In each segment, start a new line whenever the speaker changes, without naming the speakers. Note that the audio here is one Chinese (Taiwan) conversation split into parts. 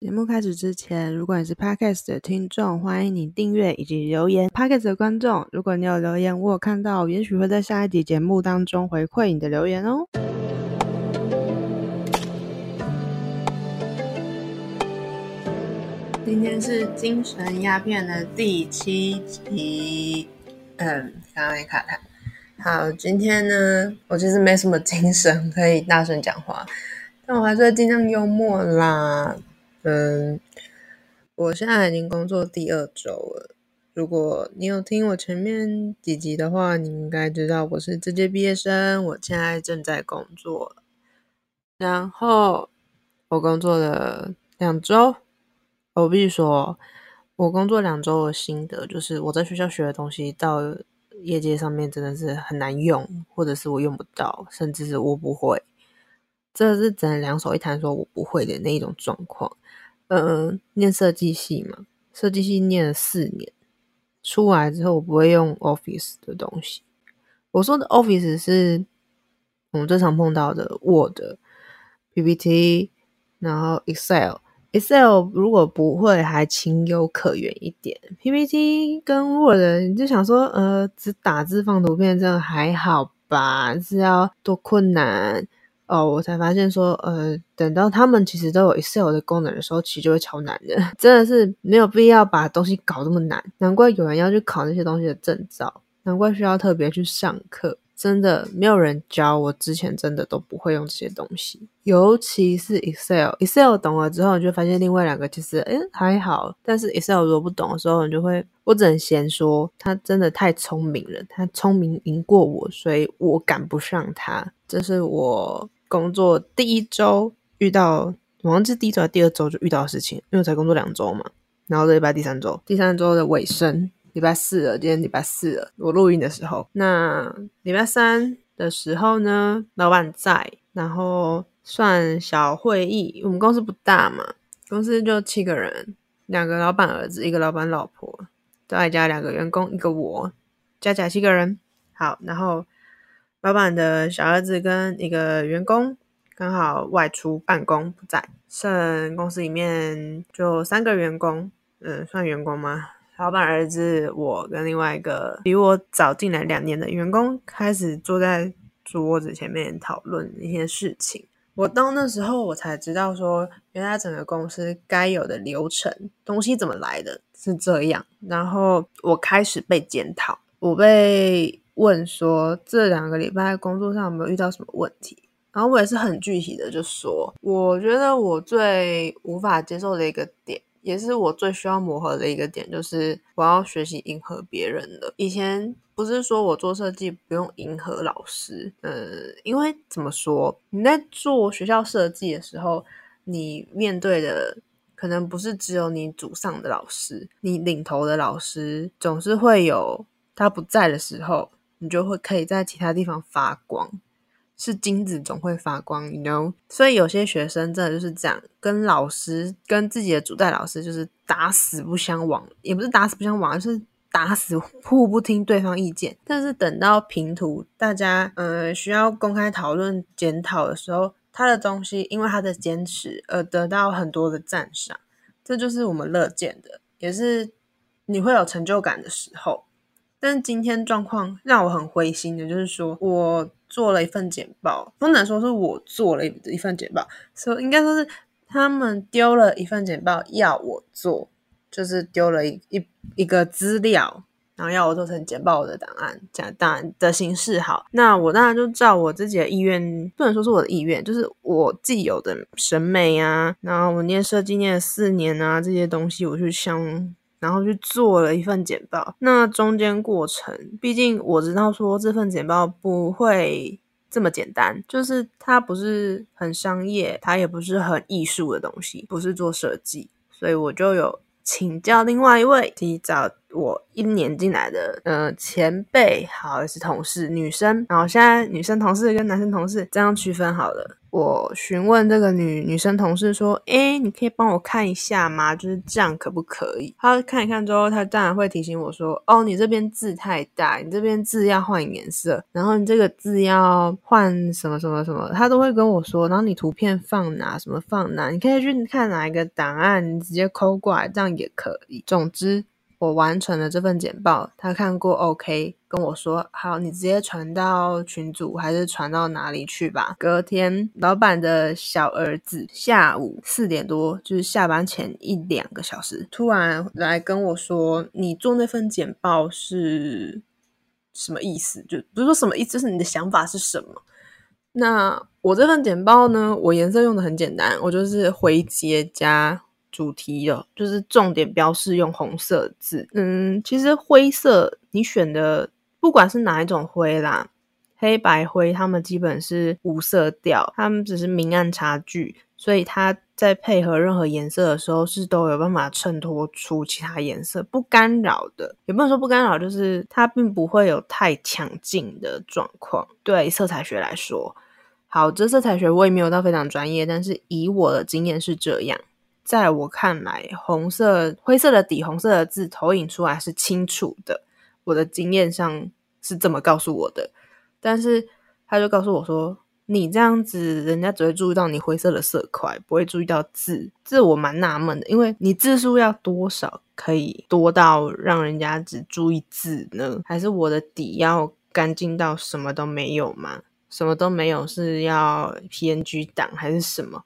節目開始之前，如果你是 Podcast 的聽眾，歡迎你訂閱以及留言。Podcast 的觀眾，如果你有留言，我有看到，也許會在下一集節目當中回饋你的留言哦。今天是《精神鴉片》的第七集，嗯，剛剛也卡台。好，今天呢，我其實沒什麼精神可以大聲講話，但我還是會盡量幽默啦。嗯，我現在已經工作第二周了。如果你有聽我前面幾集的話，你應該知道我是這屆畢業生，我現在正在工作。然後我工作了兩周，我必須說，我工作兩周的心得就是，我在學校學的東西到業界上面真的是很難用，或者是我用不到，甚至是我不會。這是只能兩手一攤，說我不會的那一種狀況。嗯，念設計系嘛，設計系念了四年，出來之後我不會用 Office 的東西。我說的 Office 是我們最常碰到的 Word、PPT，然後 Excel。Excel 如果不會還情有可原一點，PPT 跟 Word 你就想說，呃，只打字放圖片，這樣還好吧？是要多困難？哦、oh，我才發現說，呃，等到他們其實都有 Excel 的功能的時候，其實就會超難的， 真的是沒有必要把東西搞這麼難。難怪有人要去考那些東西的證照，難怪需要特別去上課，真的沒有人教我，之前真的都不會用這些東西，尤其是 Excel。Excel 懂了之後，你就發現另外兩個其實，誒還好。但是 Excel 如果不懂的時候，你就會，我只能先說，他真的太聰明了，他聰明贏過我，所以我趕不上他，這是我。工作第一周遇到，好像是第一周還是第二周就遇到的事情，因為我才工作兩周嘛。然後這禮拜第三周，第三周的尾聲，禮拜四了，今天禮拜四了。我錄音的時候，那禮拜三的時候呢，老板在，然後算小會議。我們公司不大嘛，公司就七個人，兩個老板兒子，一個老板老婆，再加兩個員工，一個我，加起來七個人。好，然後。老闆的小兒子跟一個員工剛好外出辦公不在，剩公司裡面就三個員工，嗯，算員工嗎？老闆兒子，我跟另外一個比我早進來兩年的員工開始坐在桌子前面討論一些事情。我到那時候我才知道說原來整個公司該有的流程東西怎麼來的，是這樣。然後我開始被檢討，我被。問說這兩個禮拜在工作上有沒有遇到什麼問題？然後我也是很具體的就說，我覺得我最無法接受的一個點，也是我最需要磨合的一個點，就是我要學習迎合別人的。以前不是說我做設計不用迎合老師，嗯、呃，因為怎麼說，你在做學校設計的時候，你面對的可能不是只有你組上的老師，你領頭的老師總是會有他不在的時候。你就會可以在其他地方發光，是金子總會發光，you know 所以，有些學生真的就是這樣，跟老師、跟自己的主代老師就是打死不相往，也不是打死不相往，就是打死互不聽對方意見。但是等到評圖，大家呃需要公開討論檢討的時候，他的東西因為他的堅持而得到很多的讚賞，這就是我們樂見的，也是你會有成就感的時候。但是今天狀況讓我很灰心的，就是說我做了一份簡報，不能說是我做了一份簡報，說應該說是他們丟了一份簡報要我做，就是丟了一一一個資料，然後要我做成簡報我的檔案，這樣檔案的形式好。那我當然就照我自己的意願，不能說是我的意願，就是我既有的審美啊，然後我念設計念了四年啊，這些東西我去想。然後去做了一份簡報，那中間過程，畢竟我知道說這份簡報不會這麼簡單，就是它不是很商業，它也不是很藝術的東西，不是做設計，所以我就有請教另外一位提早我一年進來的呃前輩，好，還是同事女生，然後現在女生同事跟男生同事這樣區分好了。我詢問這個女女生同事說：「誒，你可以幫我看一下嗎？就是這樣可不可以？」她看一看之後，她當然會提醒我說：「哦，你這邊字太大，你這邊字要換顏色，然後你這個字要換什麼什麼什麼，她都會跟我說。然後你圖片放哪，什麼放哪，你可以去看哪一個檔案，你直接摳過來，這樣也可以。總之。」我完成了這份簡報，他看過 OK，跟我說好，你直接傳到群組還是傳到哪裡去吧。隔天，老闆的小兒子下午四點多，就是下班前一兩個小時，突然來跟我說：“你做那份簡報是什麼意思？”就不是說什麼意思，就是你的想法是什麼？那我這份簡報呢？我顏色用的很簡單，我就是灰階加。主題的，就是重點標示用紅色字。嗯，其實灰色你選的，不管是哪一種灰啦，黑白灰，它們基本是無色調，它們只是明暗差距，所以它在配合任何顏色的時候，是都有辦法襯托出其他顏色不干擾的。也不能說不干擾，就是它並不會有太強勁的狀況。對色彩學來說，好，這色彩學我也沒有到非常專業，但是以我的經驗是這樣。在我看來，紅色、灰色的底，紅色的字投影出來是清楚的。我的經驗上是這麼告訴我的，但是他就告訴我說，你這樣子，人家只會注意到你灰色的色塊，不會注意到字。這我蠻納悶的，因為你字數要多少可以多到讓人家只注意字呢？還是我的底要乾淨到什麼都沒有嗎？什麼都沒有是要 PNG 檔還是什麼？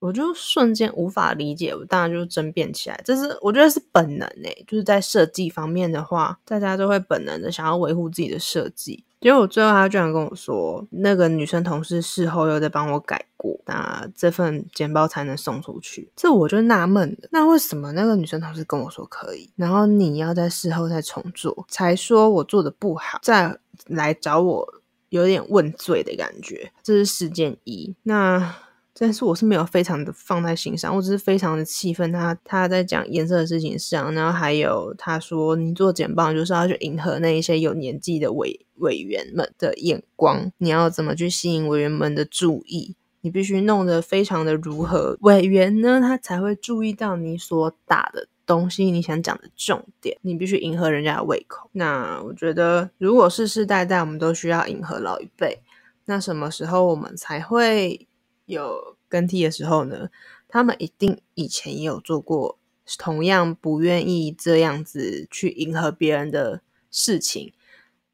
我就瞬間無法理解，我當然就爭辯起來。這是我覺得是本能誒，就是在設計方面的話，大家都會本能的想要維護自己的設計。結果最後他居然跟我說，那個女生同事事後又在幫我改過，那這份簡報才能送出去。這我就納悶了，那為什麼那個女生同事跟我說可以，然後你要在事後再重做，才說我做的不好，再來找我有點問罪的感覺？這是事件一。那但是我是沒有非常的放在心上，我只是非常的氣憤他，他在講顏色的事情上，然後還有他說，你做簡報就是要去迎合那一些有年紀的委委員們的眼光，你要怎麼去吸引委員們的注意？你必須弄得非常的如何委員呢？他才會注意到你所打的東西，你想講的重點，你必須迎合人家的胃口。那我覺得，如果世世代代我們都需要迎合老一輩，那什麼時候我們才會？有更替的時候呢，他們一定以前也有做過同樣不願意這樣子去迎合別人的事情，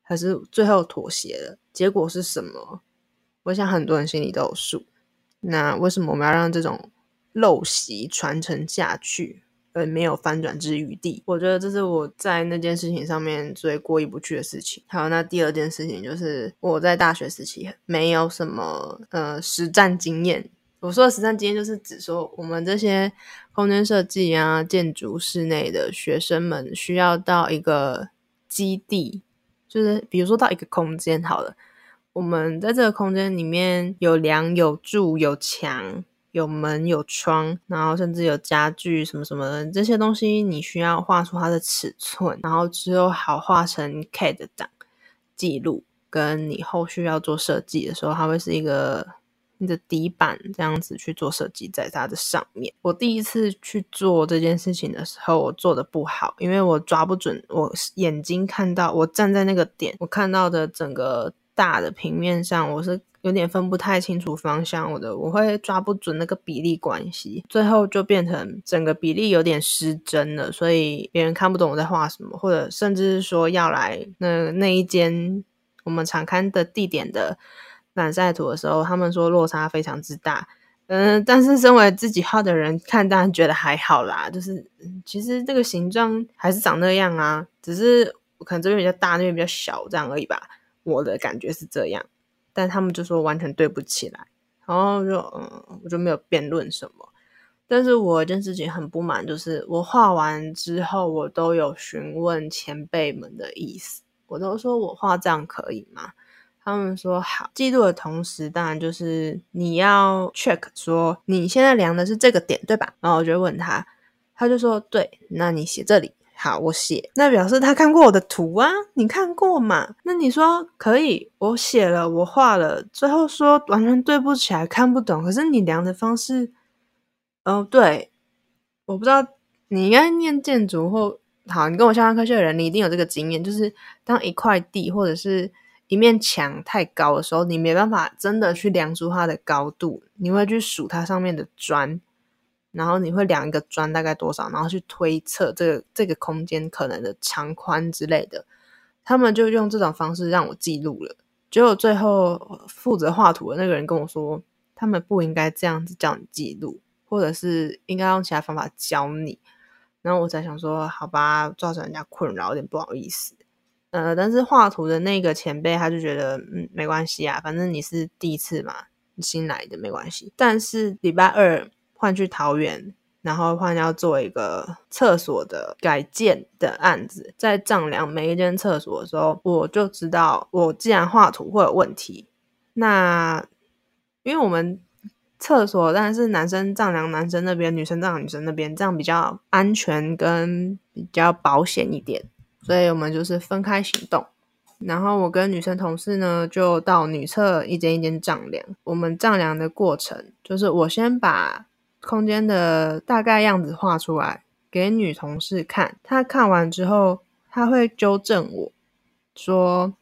還是最後妥協了。結果是什麼？我想很多人心裡都有數。那為什麼我們要讓這種陋習傳承下去？呃，沒有翻轉之餘地。我覺得這是我在那件事情上面最過意不去的事情。還有那第二件事情就是我在大學時期沒有什麼呃實戰經驗。我說的實戰經驗就是指說，我們這些空間設計啊、建築室內的學生們需要到一個基地，就是比如說到一個空間好了，我們在這個空間裡面有樑、有柱、有牆。有門有窗，然後甚至有家具什麼什麼的這些東西，你需要畫出它的尺寸，然後之後好畫成 CAD 的檔記錄，跟你後續要做設計的時候，它會是一個你的底板這樣子去做設計，在它的上面。我第一次去做這件事情的時候，我做的不好，因為我抓不準，我眼睛看到我站在那個點，我看到的整個大的平面上，我是。有點分不太清楚方向，我的我會抓不准那個比例關係，最後就變成整個比例有點失真了，所以別人看不懂我在畫什麼，或者甚至是說要來那那一間我們常看的地點的藍晒圖的時候，他們說落差非常之大。嗯，但是身為自己畫的人看，當然覺得還好啦，就是、嗯、其實這個形狀還是長那樣啊，只是可能這邊比較大，那邊比較小這樣而已吧。我的感覺是這樣。但他們就說完全對不起來，然後就嗯，我就沒有辯論什麼。但是我一件事情很不滿，就是我畫完之後，我都有詢問前輩們的意思，我都說我畫這樣可以嗎？他們說好，記錄的同時，當然就是你要 check 說你現在量的是這個點，對吧？然後我就問他，他就說對，那你寫這裡。好，我寫，那表示他看過我的圖啊？你看過嗎？那你說可以？我寫了，我畫了，最後說完全對不起，起來，看不懂。可是你量的方式，哦、呃，對，我不知道，你應該念建築或好，你跟我相關科學的人，你一定有這個經驗，就是當一塊地或者是一面牆太高的時候，你沒辦法真的去量出它的高度，你會去數它上面的磚。然後你會量一個磚大概多少，然後去推測這個這個空間可能的長寬之類的。他們就用這種方式讓我記錄了。結果最後負責畫圖的那個人跟我說，他們不應該這樣子叫你記錄，或者是應該用其他方法教你。然後我才想說，好吧，造成人家困擾，有點不好意思。呃，但是畫圖的那個前輩他就覺得，嗯，沒關係啊，反正你是第一次嘛，你新來的沒關係。但是禮拜二。換去桃園，然後換要做一個廁所的改建的案子，在丈量每一間廁所的時候，我就知道我既然畫圖會有問題，那因為我們廁所當然是男生丈量男生那邊，女生丈量女生那邊，這樣比較安全跟比較保險一點，所以我們就是分開行動。然後我跟女生同事呢，就到女廁一間一間丈量。我們丈量的過程就是我先把。空間的大概樣子畫出來給女同事看，她看完之後，她會糾正我說：“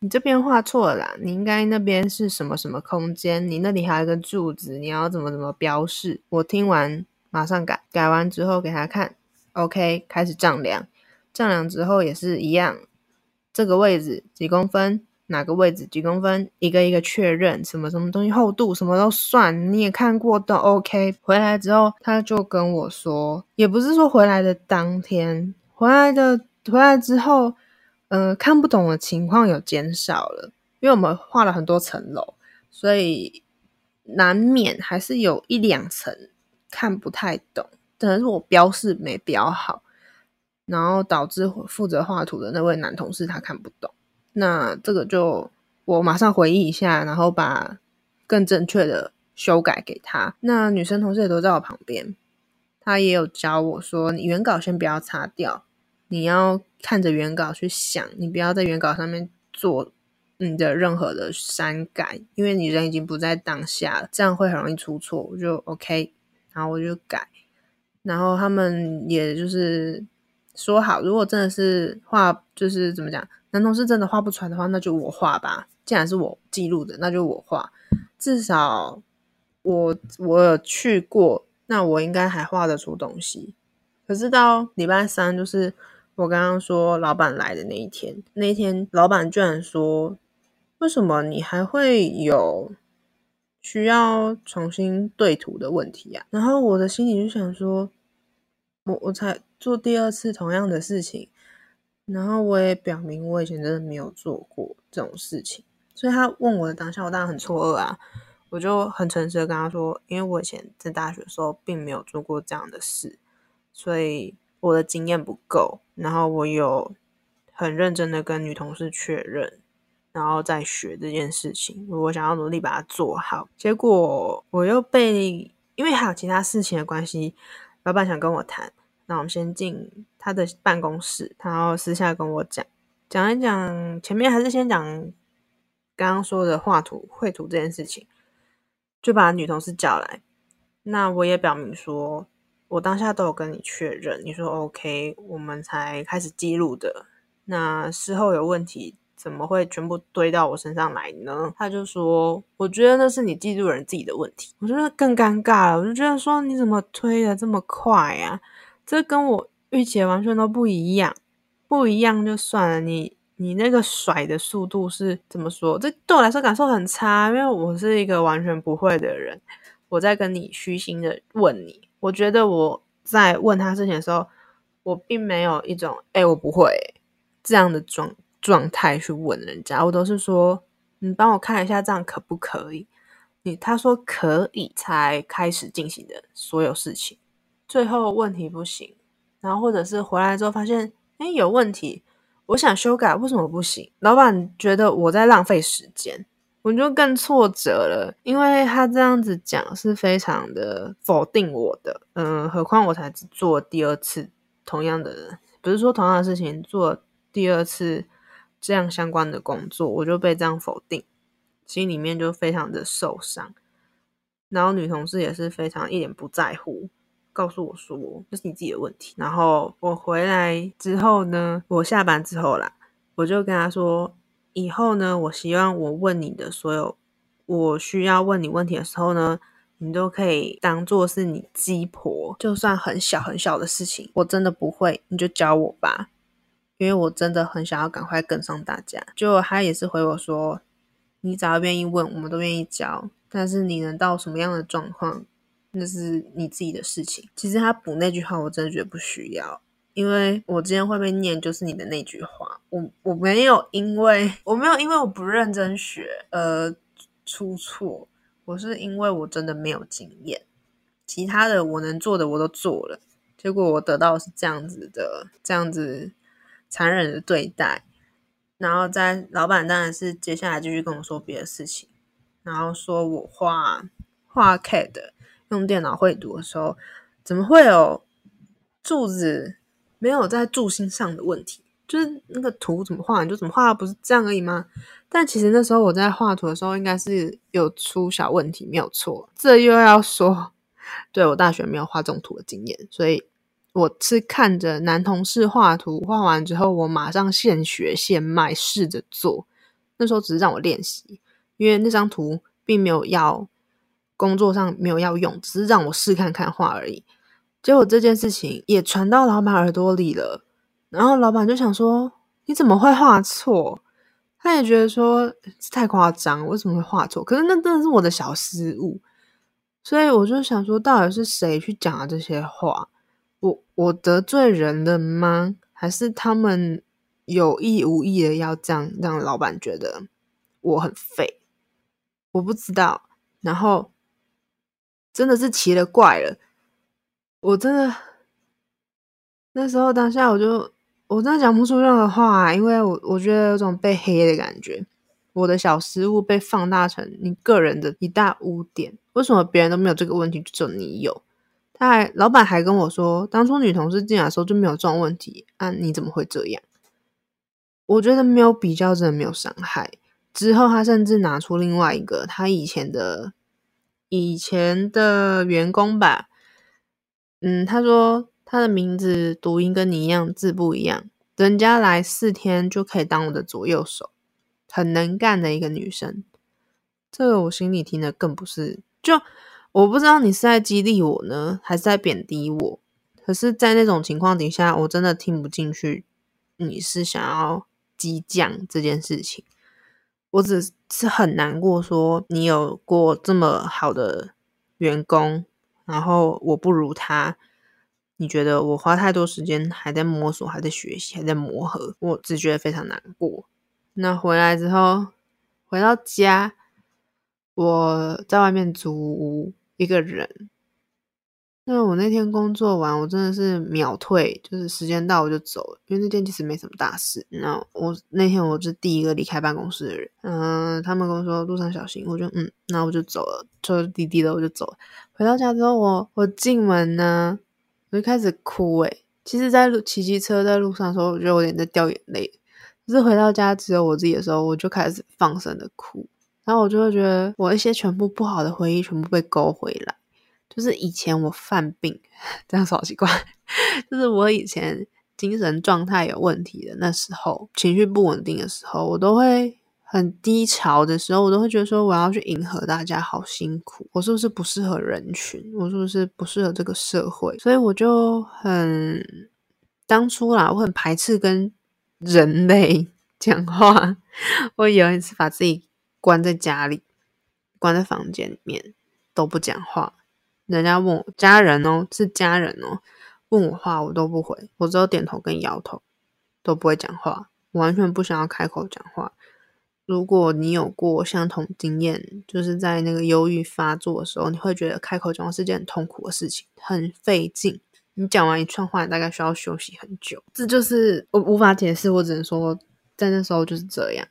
你這邊畫錯了，你應該那邊是什麼什麼空間，你那裡還有一個柱子，你要怎麼怎麼標示。”我聽完馬上改，改完之後給她看，OK，開始丈量，丈量之後也是一樣，這個位置幾公分。哪個位置幾公分，一個一個確認，什麼什麼東西厚度，什麼都算，你也看過都 OK。回來之後，他就跟我說，也不是說回來的當天，回來的回來之後，呃看不懂的情況有減少了，因為我們畫了很多層樓，所以難免還是有一兩層看不太懂，可能是我標示沒標好，然後導致我負責畫圖的那位男同事他看不懂。那這個就我馬上回憶一下，然後把更正確的修改給他。那女生同事也都在我旁邊，她也有教我說：“你原稿先不要擦掉，你要看着原稿去想，你不要在原稿上面做你的任何的刪改，因為你人已經不在當下，這樣會很容易出錯。”我就 OK，然後我就改，然後他們也就是說好，如果真的是話，就是怎麼講？難道是真的畫不出來的話，那就我畫吧。既然是我記錄的，那就我畫。至少我我有去過，那我應該還畫得出東西。可是到禮拜三，就是我剛剛說老闆來的那一天，那一天老闆居然說：“為什麼你還會有需要重新對圖的問題啊？”然後我的心裡就想說：“我我才做第二次同樣的事情。”然後我也表明我以前真的沒有做過這種事情，所以他問我的當下，我當然很錯愕啊，我就很誠實的跟他說，因為我以前在大學的時候並沒有做過這樣的事，所以我的經驗不夠，然後我有很認真的跟女同事確認，然後再學這件事情，我想要努力把它做好。結果我又被，因為還有其他事情的關係，老闆想跟我談。那我們先進他的辦公室，然後私下跟我講講一講。前面還是先講剛剛說的畫圖繪圖這件事情，就把女同事叫來。那我也表明說，我當下都有跟你確認，你說 OK，我們才開始記錄的。那事後有問題，怎麼會全部堆到我身上來呢？他就說，我覺得那是你記錄人自己的問題。我覺得更尷尬了，我就覺得說，你怎麼推得這麼快呀、啊？這跟我預期完全都不一樣，不一樣就算了。你你那個甩的速度是怎麼說？這對我來說感受很差，因為我是一個完全不會的人。我在跟你虛心的問你，我覺得我在問他之前的時候，我並沒有一種“哎、欸，我不會”這樣的狀狀態去問人家。我都是說：“你幫我看一下，這樣可不可以？”你他說可以，才開始進行的所有事情。最後問題不行，然後或者是回來之後發現，哎，有問題，我想修改，為什麼不行？老闆覺得我在浪費時間，我就更挫折了，因為他這樣子講是非常的否定我的。嗯、呃，何況我才做第二次同樣的人，不是說同樣的事情做第二次這樣相關的工作，我就被這樣否定，心裡面就非常的受傷。然後女同事也是非常一點不在乎。告訴我說，這是你自己的問題。然後我回來之後呢，我下班之後啦，我就跟他說，以後呢，我希望我問你的所有，我需要問你問題的時候呢，你都可以當做是你雞婆，就算很小很小的事情，我真的不會，你就教我吧，因為我真的很想要趕快跟上大家。就他也是回我說，你只要願意問，我們都願意教，但是你能到什麼樣的狀況？那是你自己的事情。其實他補那句話，我真的覺得不需要，因為我今天會被念，就是你的那句話。我我沒有因為我沒有因為我不認真學而出錯，我是因為我真的沒有經驗。其他的我能做的我都做了，結果我得到是這樣子的，這樣子殘忍的對待。然後在老闆當然是接下來繼續跟我說別的事情，然後說我畫畫 CAD。用電腦繪圖的時候，怎麼會有柱子沒有在柱心上的問題？就是那個圖怎麼畫你就怎麼畫，不是這樣而已嗎？但其實那時候我在畫圖的時候，應該是有出小問題，沒有錯。這又要說，對我大學沒有畫這種圖的經驗，所以我是看着男同事畫圖畫完之後，我馬上現學現賣試着做。那時候只是讓我練習，因為那張圖並沒有要。工作上沒有要用，只是讓我試看看畫而已。結果這件事情也傳到老板耳朵裡了，然後老板就想說：“你怎麼會畫錯？”他也覺得說太誇張，為什麼會畫錯？可是那真的是我的小失誤，所以我就想說，到底是誰去講的這些話？我我得罪人了嗎？還是他們有意無意的要這樣讓老板覺得我很廢？我不知道。然後。真的是奇了怪了，我真的那時候當下我就我真的講不出這樣的話啊，因為我我覺得有種被黑的感覺，我的小失誤被放大成你個人的一大污點，為什麼別人都沒有這個問題，就只有你有？他還，老闆還跟我說，當初女同事進來的時候就沒有這種問題，啊你怎麼會這樣？我覺得沒有比較，真的沒有傷害。之後他甚至拿出另外一個他以前的。以前的員工吧，嗯，他說他的名字讀音跟你一樣，字不一樣。人家來四天就可以當我的左右手，很能幹的一個女生。這個我心裡聽的更不是，就我不知道你是在激勵我呢，還是在貶低我。可是，在那種情況底下，我真的聽不進去。你是想要激將這件事情，我只是。是很難過，說你有過這麼好的員工，然後我不如他，你覺得我花太多時間還在摸索，還在學習，還在磨合，我只覺得非常難過。那回來之後，回到家，我在外面租屋一個人。因為我那天工作完，我真的是秒退，就是時間到我就走了，因為那天其實沒什麼大事。那我那天我是第一個離開辦公室的人，嗯，他們跟我說路上小心，我就嗯，那我就走了，就滴滴的我就走。回到家之後我，我我進門呢，我就開始哭、欸，誒，其實在路，在騎機車在路上的時候，我覺得我有點在掉眼淚，可是回到家只有我自己的時候，我就開始放聲的哭，然後我就會覺得我一些全部不好的回憶全部被勾回來。就是以前我犯病，這樣子好奇怪。 就是我以前精神狀態有問題的那時候，情緒不穩定的時候，我都會很低潮的時候，我都會覺得說我要去迎合大家，好辛苦。我是不是不適合人群？我是不是不適合這個社會？所以我就很，當初啦，我很排斥跟人類講話。我有一次把自己關在家裡，關在房間裡面都不講話。人家問我家人哦，是家人哦，問我話我都不回，我只有點頭跟搖頭，都不會講話，我完全不想要開口講話。如果你有過相同經驗，就是在那個憂鬱發作的時候，你會覺得開口講話是件很痛苦的事情，很費勁。你講完一串話，你大概需要休息很久。這就是我無法解釋，我只能說在那時候就是這樣。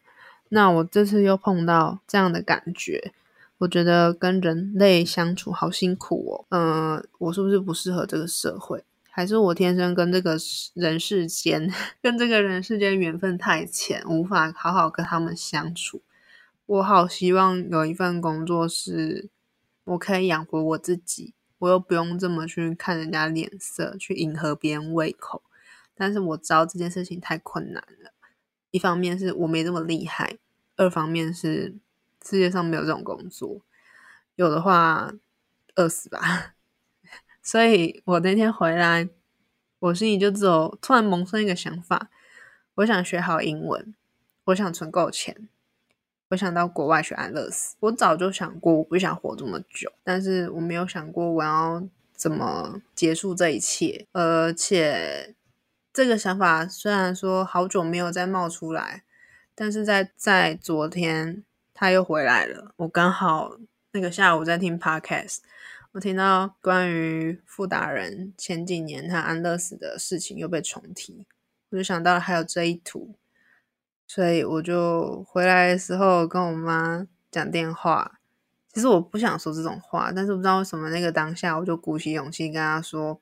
那我這次又碰到這樣的感覺。我覺得跟人類相處好辛苦哦，嗯、呃，我是不是不適合這個社會？還是我天生跟這個人世間、跟這個人世間緣分太淺，無法好好跟他們相處？我好希望有一份工作，是我可以養活我自己，我又不用這麼去看人家臉色，去迎合別人胃口。但是我知道這件事情太困難了，一方面是我沒這麼厲害，二方面是。世界上沒有這種工作，有的話餓死吧。 所以我那天回來，我心裡就只有突然萌生一個想法：我想學好英文，我想存夠錢，我想到國外去安樂死。我早就想過，我不想活這麼久，但是我沒有想過我要怎麼結束這一切。而且這個想法雖然說好久沒有再冒出來，但是在在昨天。他又回來了，我剛好那個下午在聽 podcast，我聽到關於傅達仁前幾年他安樂死的事情又被重提，我就想到了還有這一途，所以我就回來的時候跟我媽講電話。其實我不想說這種話，但是不知道為什麼那個當下我就鼓起勇氣跟她說，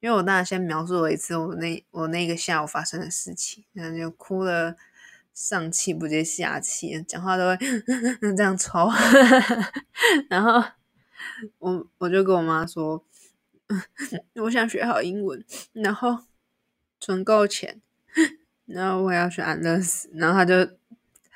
因為我大概先描述了一次我那我那個下午發生的事情，然後就哭了。上氣不接下氣，講話都會呵呵這樣抽， 然後我我就跟我媽說，嗯，我想學好英文，然後存夠錢，然後我要去安樂死，然後她就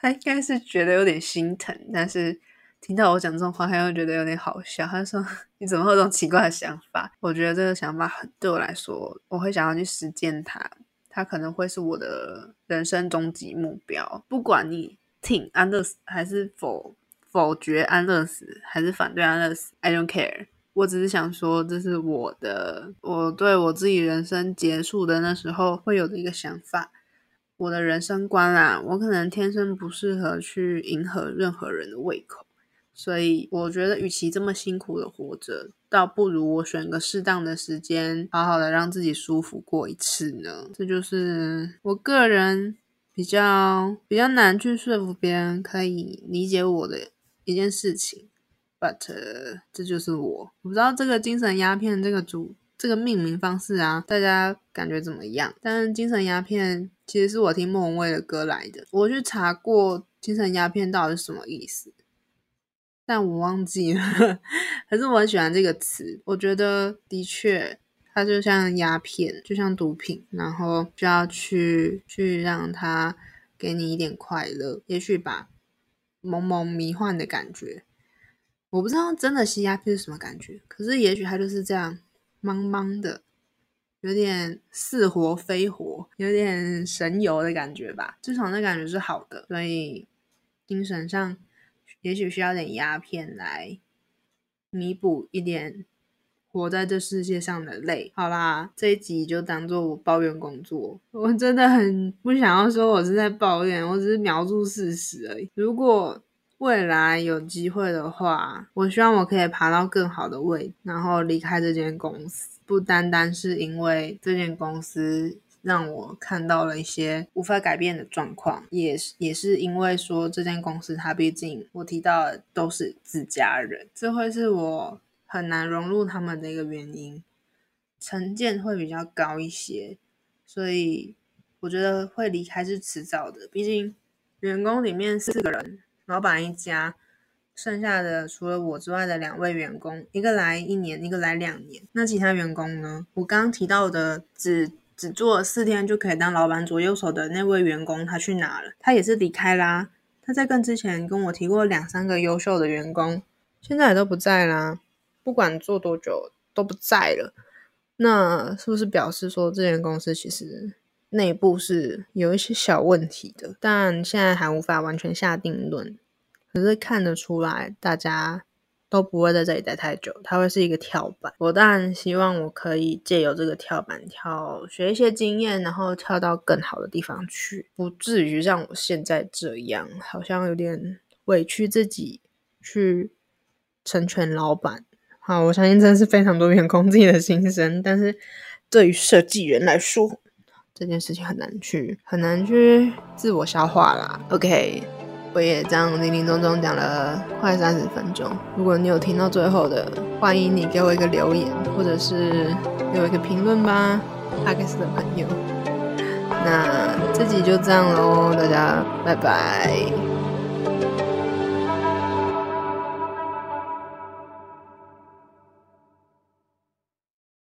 她應該是覺得有點心疼，但是聽到我講這種話，她又覺得有點好笑，她說你怎麼會有這種奇怪的想法？我覺得這個想法很對我來說，我會想要去實踐它。他可能會是我的人生終極目標，不管你挺安樂死還是否否決安樂死還是反對安樂死，I don't care，我只是想說這是我的，我對我自己人生結束的那時候會有的一個想法，我的人生觀啊，我可能天生不適合去迎合任何人的胃口。所以我覺得，與其這麼辛苦的活着，倒不如我選個適當的時間，好好的讓自己舒服過一次呢。這就是我個人比較比較難去說服別人可以理解我的一件事情。But 這就是我，我不知道這個“精神鴉片”這個組這個命名方式啊，大家感覺怎麼樣？但“精神鴉片”其實是我聽莫文蔚的歌來的。我去查過“精神鴉片”到底是什麼意思。但我忘記了，可是我很喜歡這個詞。我覺得的確，它就像鴉片，就像毒品，然後就要去去讓它給你一點快樂，也許吧，朦朦迷幻的感覺。我不知道真的吸鴉片是什麼感覺，可是也許它就是這樣，茫茫的，有點似活非活，有點神遊的感覺吧。至少那感覺是好的，所以精神上。也許需要點鴉片來彌補一點活在這世界上的累。好啦，這一集就當做我抱怨工作。我真的很不想要說我是在抱怨，我只是描述事實而已。如果未來有機會的話，我希望我可以爬到更好的位，然後離開這間公司。不單單是因為這間公司。讓我看到了一些無法改變的狀況，也是也是因為說，這間公司，它畢竟我提到的都是自家人，這會是我很難融入他們的一個原因，成見會比較高一些，所以我覺得會離開是遲早的。畢竟員工裡面四個人，老闆一家，剩下的除了我之外的兩位員工，一個來一年，一個來兩年，那其他員工呢？我剛剛提到的只。只做了四天，就可以當老闆左右手的那位員工，他去哪了？他也是離開啦。他在跟之前跟我提過兩三個優秀的員工，現在也都不在啦。不管做多久都不在了，那是不是表示說這間公司其實內部是有一些小問題的？但現在還無法完全下定論。可是看得出來，大家。都不會在這裡待太久，它會是一個跳板。我當然希望我可以借由這個跳板跳學一些經驗，然後跳到更好的地方去，不至於讓我現在這樣，好像有點委屈自己去成全老闆。好，我相信真的是非常多員工自己的心聲，但是對於設計人來說，這件事情很難去，很難去自我消化啦。OK。我也這樣林林總總講了快三十分鐘。如果你有聽到最後的，歡迎你給我一個留言，或者是給我一個評論吧，阿克斯的朋友。 那這集就這樣嘍，大家拜拜。